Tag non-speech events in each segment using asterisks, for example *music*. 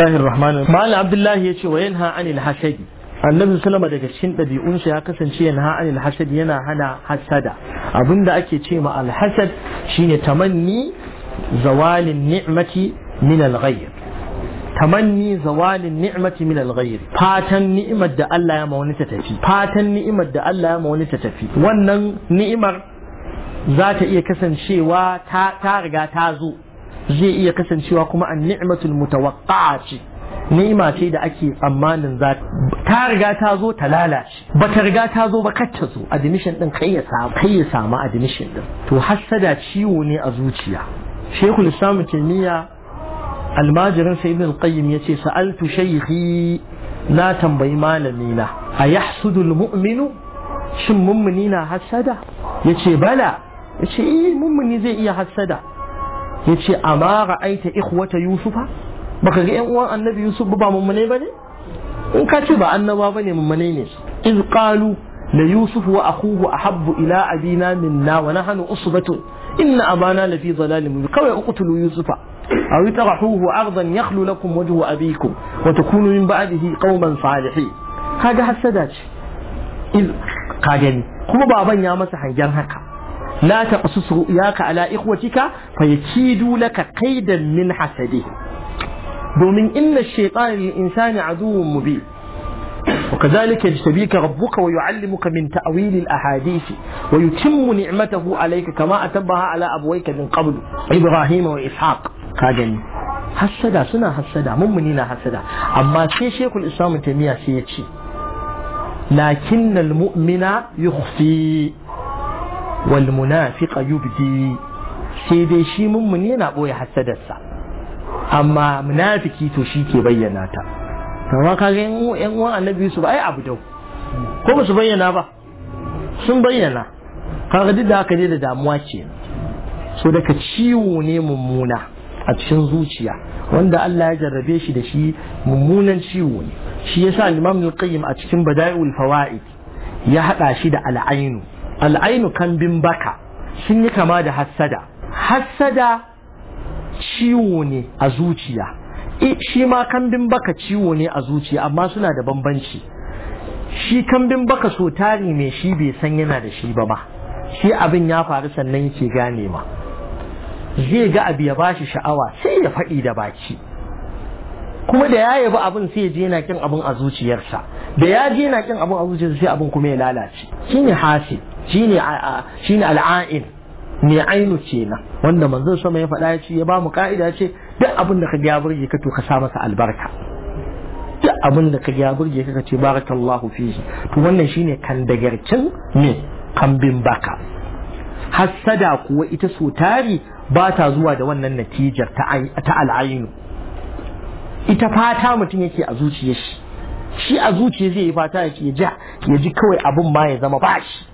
Malam Abdullahi ya ce wa yanha anil hasadi annabi sallama daga cikin ɗabi'unsa ya kasance yanha anil hasadi yana hana hasada abinda ake ce ma alhasad shine tamanni zawalin ni'mati min alghayr fatan ni'imar ma wani ta da Allah ya ma wani ta tafi wannan ni'imar za ta iya kasancewa ta riga ta zo zai iya kasancewa kuma an ni'matul mutawaqqati ce ni'ima ce da ake tsammanin za ta riga ta zo ta lalace ba ta riga ta zo ba kacce zo admission din kai ya samu kai ya samu admission din to hassada ciwo ne a zuciya shekul islam kimiyya almajirin sayyidin alqayyim yace sa'altu shaykhi na tambayi malami na a yahsudul mu'minu shin mummuni na hasada yace bala yace eh mummuni zai iya hasada yace amma ra'aita ikhwata yusufa baka ga yan uwan annabi yusuf ba mummune bane in ka ce ba annaba bane mummune ne In qalu la yusuf wa akhuhu ahabbu ila abina minna wa nahnu usbatun inna abana lafi dhalalin mubin kawai uqtulu yusufa aw tarahuhu ardan yakhlu lakum wajhu abikum wa takunu min ba'dihi qauman salihin kaga hasada ce iz ka gani kuma baban ya masa hangen haka لا تقصص رؤياك على إخوتك فيكيدوا لك قيدا من حسده ومن إن الشيطان للإنسان عدو مبين وكذلك يجتبيك ربك ويعلمك من تأويل الأحاديث ويتم نعمته عليك كما أتبها على أبويك من قبل إبراهيم وإسحاق كاجن حسدا سنة حسدا ممنين حسدا أما شي شيخ الإسلام تيمية سيتشي لكن المؤمن يخفي wal munafiqa yubdi sai dai shi mummuni yana boye hasadarsa amma munafiki to shi ke bayyana ta amma kaga yan uwan annabi su ba ai abu dau ko ba su bayyana ba sun bayyana kaga duk da haka ne da damuwa ce so daga ciwo ne mummuna a cikin zuciya wanda Allah ya jarrabe shi da shi mummunan ciwo ne shi yasa Imam Al-Qayyim a cikin bada'ul Fawaid ya hada shi da al'ainu al'ainu kambin baka sun yi kama da hassada hassada ciwo ne a zuciya shi ma kambin baka ciwo ne a zuciya amma suna da bambanci shi kambin baka so tari mai shi bai san yana da shi ba ba shi abin ya faru sannan yake gane ma zai ga abu ya bashi sha'awa sai ya faɗi da baki kuma da ya yabi abin sai ya je na kin abin a zuciyarsa da ya je na kin abin a zuciyarsa sai abin kuma ya lalace shine hasi shine shine al'ain mai ainu kenan wanda manzon sama ya faɗa ya ya ba mu ka'ida ce duk abin da ka ga burge ka to ka sa masa albarka duk abin da ka ga burge ka ce barakallahu fihi to wannan shine kandagarcin ne kambin baka hassada kuwa ita so tari ba ta zuwa da wannan natijar ta al'ainu ita fata mutum yake a zuciyar shi shi a zuciya zai yi fata ya ji kawai abin ma ya zama ba shi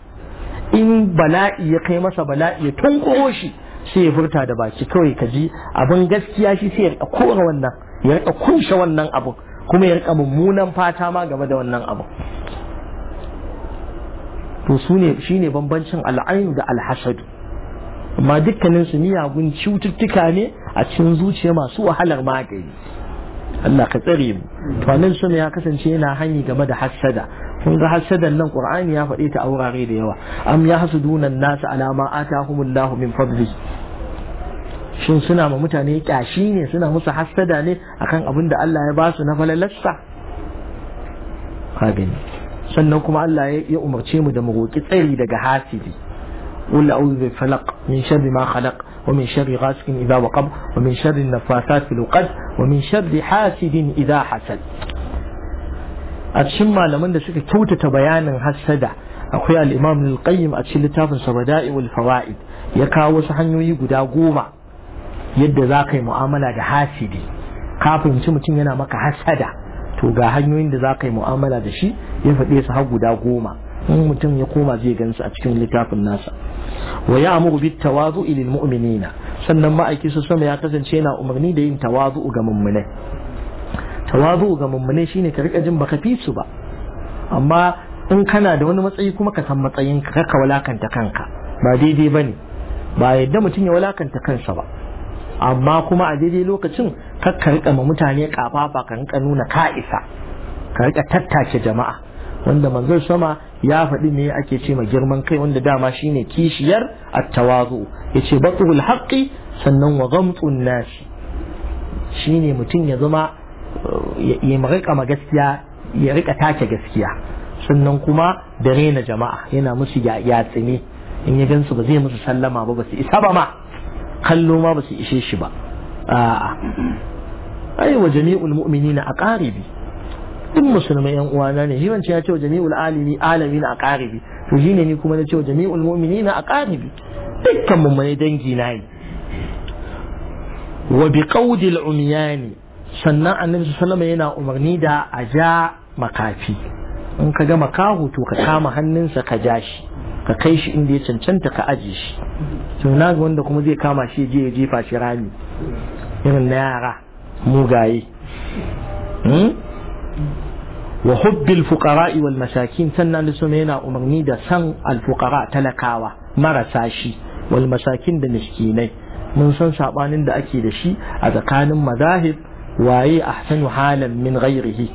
in bala'i ya kai masa bala'i ya tunkuro shi sai ya furta da baki kawai ka ji abin gaskiya shi sai ya rika kora wannan ya rika kunshe wannan abu kuma ya rika mummunan fata ma game da wannan abu to su ne shine bambancin al'ainu da alhasadu amma dukkanin su miyagun cututtuka ne a cikin zuciya masu wahalar magani Allah ka tsare mu to nan ya kasance yana hanyi game da hasada kun ga hasadan nan qur'ani ya faɗe ta aurare da yawa am ya hasuduna nas ala ma atahumullahu min fadli shin suna ma mutane kyashi ne suna musu hasada ne akan abin da Allah ya ba su na falalassa kabin sannan kuma Allah ya umarce mu da mu roki tsari daga hasidi قل أعوذ بالفلق من شر ما خلق ومن شر غاسق إذا وقب ومن شر النفاثات في الوقد ومن شر حاسد إذا حسد a cikin malaman da suka kyautata bayanin hassada akwai al-imam al-qayyim a cikin littafin sa wal fawaid ya kawo wasu hanyoyi guda goma yadda za ka yi mu'amala da hasidi kafin ci mutum yana maka hassada, to ga hanyoyin da za ka yi mu'amala da shi ya faɗe su har guda goma in mutum ya koma zai gansu a cikin littafin nasa wa ya amuru bit tawazu lil mu'minina sannan ma'aikin su sama ya kasance yana umarni da yin tawazu ga mummunai tawazu ga mummune shine ka rika jin baka fi su ba amma in kana da wani matsayi kuma ka san matsayin ka ka walakanta kanka ba daidai bane ba yadda mutum ya walakanta kansa ba amma kuma a daidai lokacin ka rika ma mutane kafafa ka rika nuna ka'isa ka rika tattace jama'a wanda manzo sama ya faɗi ne ake ce ma girman kai wanda dama shine kishiyar at-tawazu yace batul haqqi sannan wa ghamtun nasi shine mutum ya zama ya rika ma gaskiya ya rika take gaskiya sannan kuma da rena jama'a yana musu ya tsini. in ya gansu ba zai musu sallama ba ba su isa ba ma kallo ma ba su ishe shi ba a'a ai wa jami'ul mu'minina aqaribi duk musulmai yan uwana ne shi ya ce wa jami'ul alimi alamin aqaribi to shine ni kuma na ce wa jami'ul mu'minina aqaribi dukkan mu mai dangi na yi wa biqaudil umyani sannan annabi sallama yana umarni da a ja makafi in ka ga makahu to ka kama hannunsa ka ja shi ka kai shi inda ya cancanta ka aje shi to na ga wanda kuma zai kama shi je ya jefa shi rami irin na yara mugaye hmm? wa hubbil fuqara'i wal masakin sannan da suna yana umarni da san alfukara talakawa marasa shi wal masakin da miskinai mun san sabanin da ake da shi a tsakanin mazahib واي احسن حالا من غيره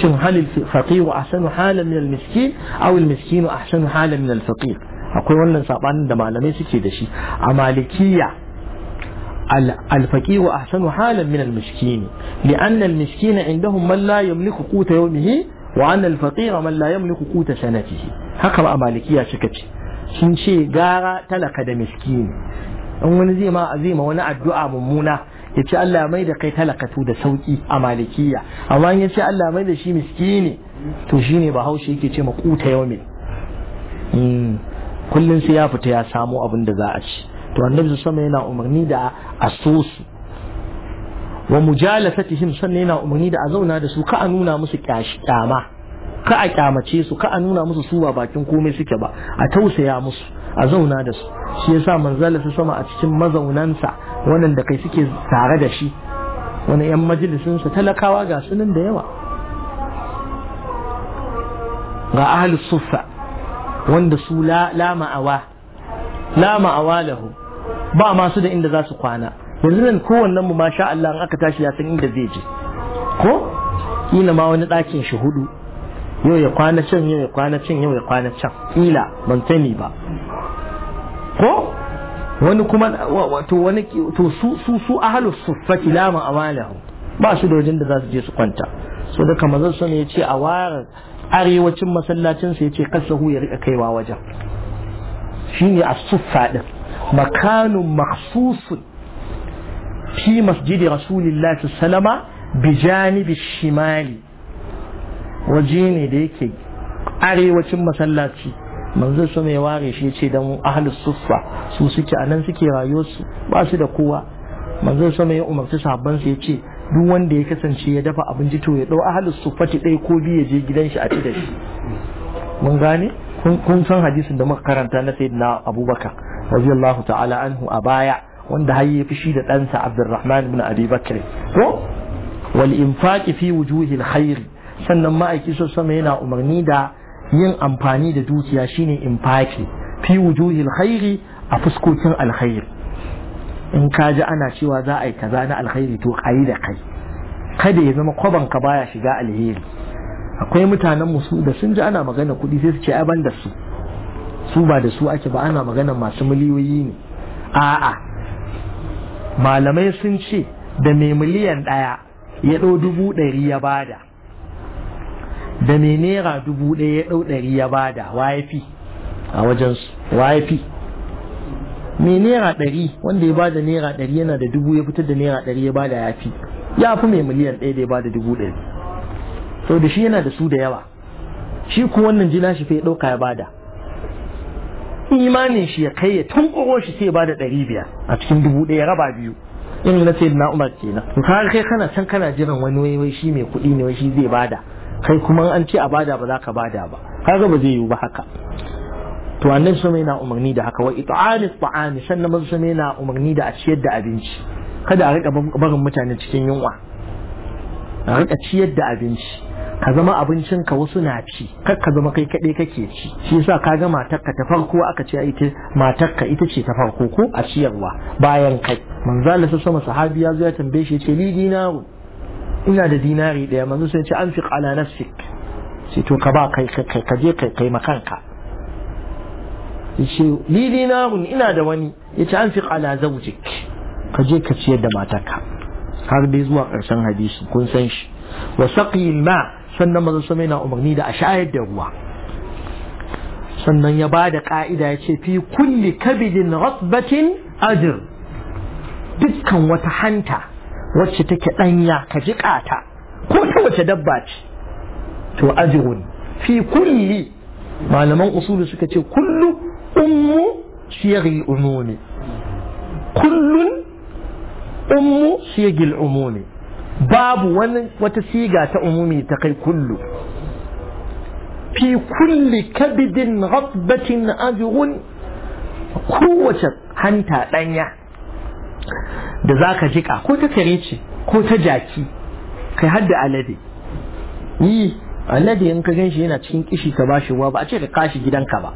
شنو هل الفقير احسن حالا من المسكين او المسكين احسن حالا من الفقير اقول wannan sabanin da malamai suke da shi a malikiya الفقير احسن حالا من المسكين لان المسكين عندهم من لا يملك قوت يومه وان الفقير من لا يملك قوت سنته هكذا a malikiya suka ce sun ce gara talaka da miskini in wani zai ma azima wani addu'a mummuna ya ce Allah mai da kai talakatu da sauki a malikiya amma ya ce Allah mai da shi miskini to shi ne bahaushe yake ce makuta yau mai hmm. kullum sai ya fita ya samo abin da za a ci to annabi sama yana umarni da su wa mujalasatihim sannan yana umarni da a zauna da su ka a nuna musu kyama ka a kyamace su ka a nuna musu su ba bakin komai suke ba a tausaya musu a zauna da su shi yasa manzala su sama a cikin mazaunansa waɗanda kai suke tare da shi wani 'yan majalisunsa talakawa ga sunan da yawa ga ahalus suffa wanda su la ma'awa la ma'awa lahu ba masu da inda za su kwana yanzu nan kowannen mu masha Allah in aka tashi ya san inda zai je ko ina ma wani ɗakin shi hudu yau ya kwana can yau ya kwana can yau ya kwana can ila ban sani ba ko wani kuma wato wani to su su su ahlus suffati la amalahu ba su da wajen da za su je su kwanta so da kamar zan sani yace a warar arewacin masallacin sa yace kasahu ya rika kaiwa wajen shine as-suffa din makanu makhsusun fi masjidi rasulillahi sallama bi janibi shimali waje ne da yake arewacin masallaci manzo su mai ware shi ce dan ahlus suffa su suke anan suke rayuwarsu ba su da kowa manzo su mai umarci sabban su ce duk wanda ya kasance ya dafa abinci to ya dau ahlus suffati ɗaya ko biyu ya je gidan shi a ci da shi mun gane kun san hadisin da muka karanta na sayyidina abubakar radiyallahu ta'ala anhu a baya wanda har ya fishi da ɗansa abdurrahman ibn abi bakr to wal infaqi fi wujuhil khair sannan ma'aiki sama yana umarni da yin amfani da dukiya shine infaki fi wujuhil khairi a fuskokin alkhairi in ka ji ana cewa za a yi kaza na alkhairi to ayi da kai kada ya zama kwaban ka baya shiga alheri akwai mutanen musu da sun ji ana magana kuɗi sai su ce ai da su su ba da su ake ba ana magana masu miliyoyi ne a'a malamai sun ce da mai miliyan ɗaya ya ɗau dubu ɗari ya bada da mai naira dubu ɗaya ya ɗau ɗari ya bada waye a wajensu waye mai naira ɗari wanda ya bada naira ɗari yana da dubu ya fitar da naira ɗari ya bada ya fi ya fi mai miliyan ɗaya da ya bada dubu ɗari sau da shi yana da su da yawa shi ko wannan jina shi fai ya ɗauka ya bada imanin shi ya kai ya tunkuro shi sai ya bada ɗari biyar a cikin dubu ɗaya raba biyu irin na na umar kenan to kai kana can kana jiran wani wai shi mai kuɗi ne wai shi zai bada kai kuma an ce a bada ba za ka bada ba kaga ba zai yiwu ba haka to annabi sama yana umarni da haka wa it'anis ta'ami sannan manzo sama yana umarni da a ciyar da abinci kada a rika barin mutane cikin yunwa a rika ciyar da abinci ka zama abincin ka wasu na ci kar ka zama kai kaɗai kake ci shi yasa ka ga matarka ta farko aka ce ita matarka ita ce ta farko ko a ciyarwa bayan kai manzo Allah sahabi ya zo ya tambaye shi ya ce ina da dinari ɗaya manzo sai ce an ala nafsik sai to ka ba kai ka je kai kai makanka yace li dinarun ina da wani yace an ala zawjik ka je ka ciyar da matarka har dai zuwa ƙarshen hadisi kun san shi wa saqi ma sannan manzo sai yana umarni da a shayar da ruwa sannan ya ba da ƙa'ida ya ce fi kulli kabidin ratbatin ajir dukkan wata hanta wacce take ɗanya ka jiƙa ta ko ta wace dabba ce to ajrun fi kulli malaman usulu suka ce kullu ummu siyari umumi kullun ummu siyagil umumi babu wani wata siga ta umumi ta kai kullu fi kulli kabidin rabbatin ajrun kowace hanta ɗanya da za ka jiƙa ko ta kare ce ko ta jaki kai hadda alade yi alade in ka ganshi yana cikin kishi ka bashi ruwa ba a ce ka kashi gidanka ba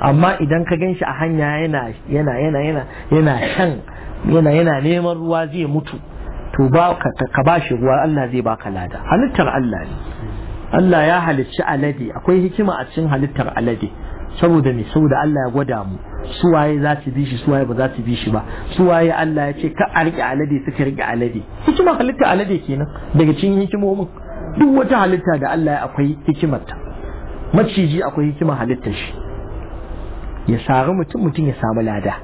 amma idan ka ganshi a hanya yana yana yana yana shan yana yana neman ruwa zai mutu to ba ka bashi ruwa Allah zai baka lada halittar Allah ne Allah ya halicci alade akwai hikima a cikin halittar alade saboda ne saboda Allah ya gwada mu suwaye za su bi shi suwaye ba za su bi shi ba suwaye Allah ya ce ka a rike alade suka rike alade hikimar halitta alade kenan daga cikin hikimomin duk wata halitta da Allah ya akwai hikimarta maciji akwai hikimar halittar shi ya sari mutum mutum ya samu lada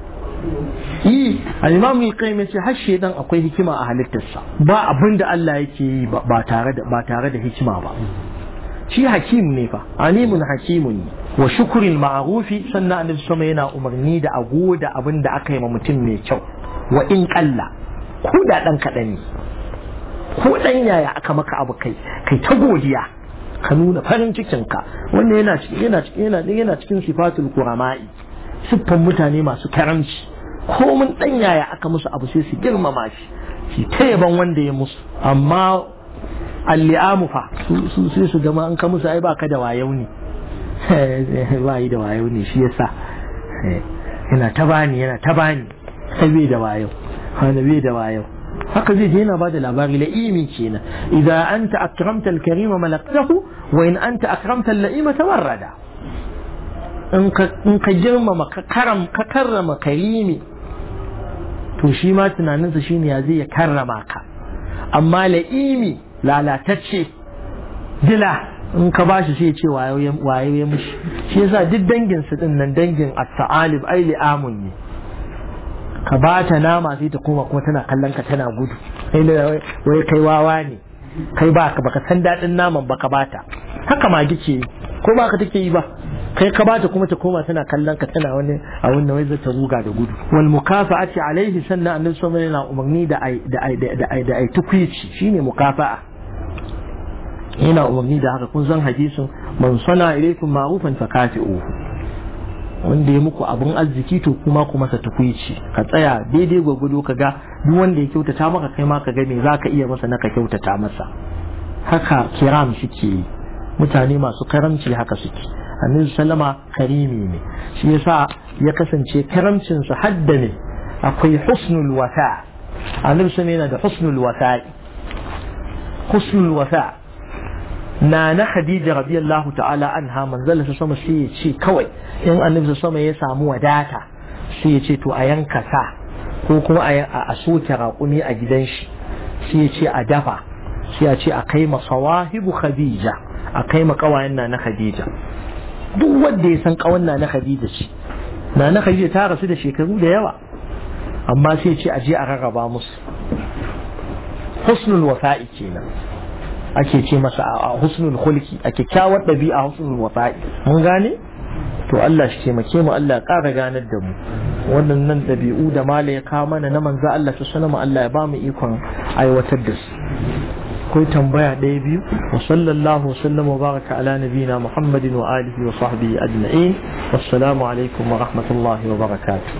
yi al-imam al-qayyim yace har shedan akwai hikima a halittarsa ba abinda Allah yake yi ba tare da ba tare da hikima ba shi hakim ne fa alimun ne wa shukurin ma'arufi sannan annabi sama yana umarni da a goda abin da aka yi ma mutum mai kyau wa in kalla ko da dan kaɗan ne ko dan yaya aka maka abu kai kai ta godiya ka nuna farin cikinka wannan yana yana yana yana cikin sifatul qurama'i siffan mutane masu karanci ko mun dan yaya aka musu abu sai su girmama shi shi ta yaban wanda ya musu amma alli'amu fa su sai su gama an ka musu ai baka da wayau ne *laughs* ba yi da wayau ne shi yasa eh, yana ta bani yana ta bani sai bai da wayau wanda bai da wayau haka zai je yana bada labari la'imi kenan idza anta akramta al-karima malaqtahu wa in anta akramta al-la'ima tawarrada in ka in ka girmama ka karam ka karrama karimi to shi ma tunaninsa shine ya zai ya karrama ka amma la'imi lalatacce dila in ka bashi sai ce waye ya mushi shi yasa duk dangin su din nan dangin as taalib ai li'amun ne ka ba ta nama sai ta koma kuma tana kallon ka tana gudu wai kai wawa ne kai ba ka baka san dadin naman baka bata haka magi ce ko ba ka take yi ba kai ka bata kuma ta koma tana kallon ka tana wani a wani wai zata ruga da gudu wal mukafa'ati alaihi sannan annabi sallallahu yana umarni da ai da ai da ai tukwici shine mukafa'a yana umarni da haka kun san hadisin man sana ilaikum ma'rufan fakati'u wanda ya muku abun arziki to kuma ku masa tukuici ka tsaya daidai gwagwado ka ga duk wanda ya kyautata maka kai ma ka ga me zaka iya masa na ka kyautata masa haka kiram suke mutane masu karamci haka suke annabi sallama karimi ne shi yasa ya kasance karamcin su hadda ne akwai husnul wafa annabi sallama yana da husnul wafa husnul wafa na na Khadija radiyallahu ta'ala anha manzala sa sama sai ya ce kawai in annabi sama ya samu wadata sai ya ce to a yanka sa ko kuma a soke raƙumi a gidan shi sai ya ce a dafa sai ya ce a kai ma sawahibu Khadija a kai ma kawayen na na Khadija duk wanda ya san kawan na na Khadija ce na na Khadija ta rasu da shekaru da yawa amma sai ya ce a je a rarraba musu husnul wasa'i kenan ake ce masa a husnul khulqi a kyakkyawar ɗabi'a husnul wafa'i mun gane to Allah shi taimake mu Allah ƙara ganar da mu waɗannan ɗabi'u da mala ya kawo mana na manzo Allah ta sanama Allah ya ba mu ikon aiwatar da su akwai tambaya ɗaya biyu wa sallallahu wasallam wa baraka ala nabiyina muhammadin wa alihi wa sahbihi ajma'in wassalamu alaikum wa rahmatullahi wa barakatuh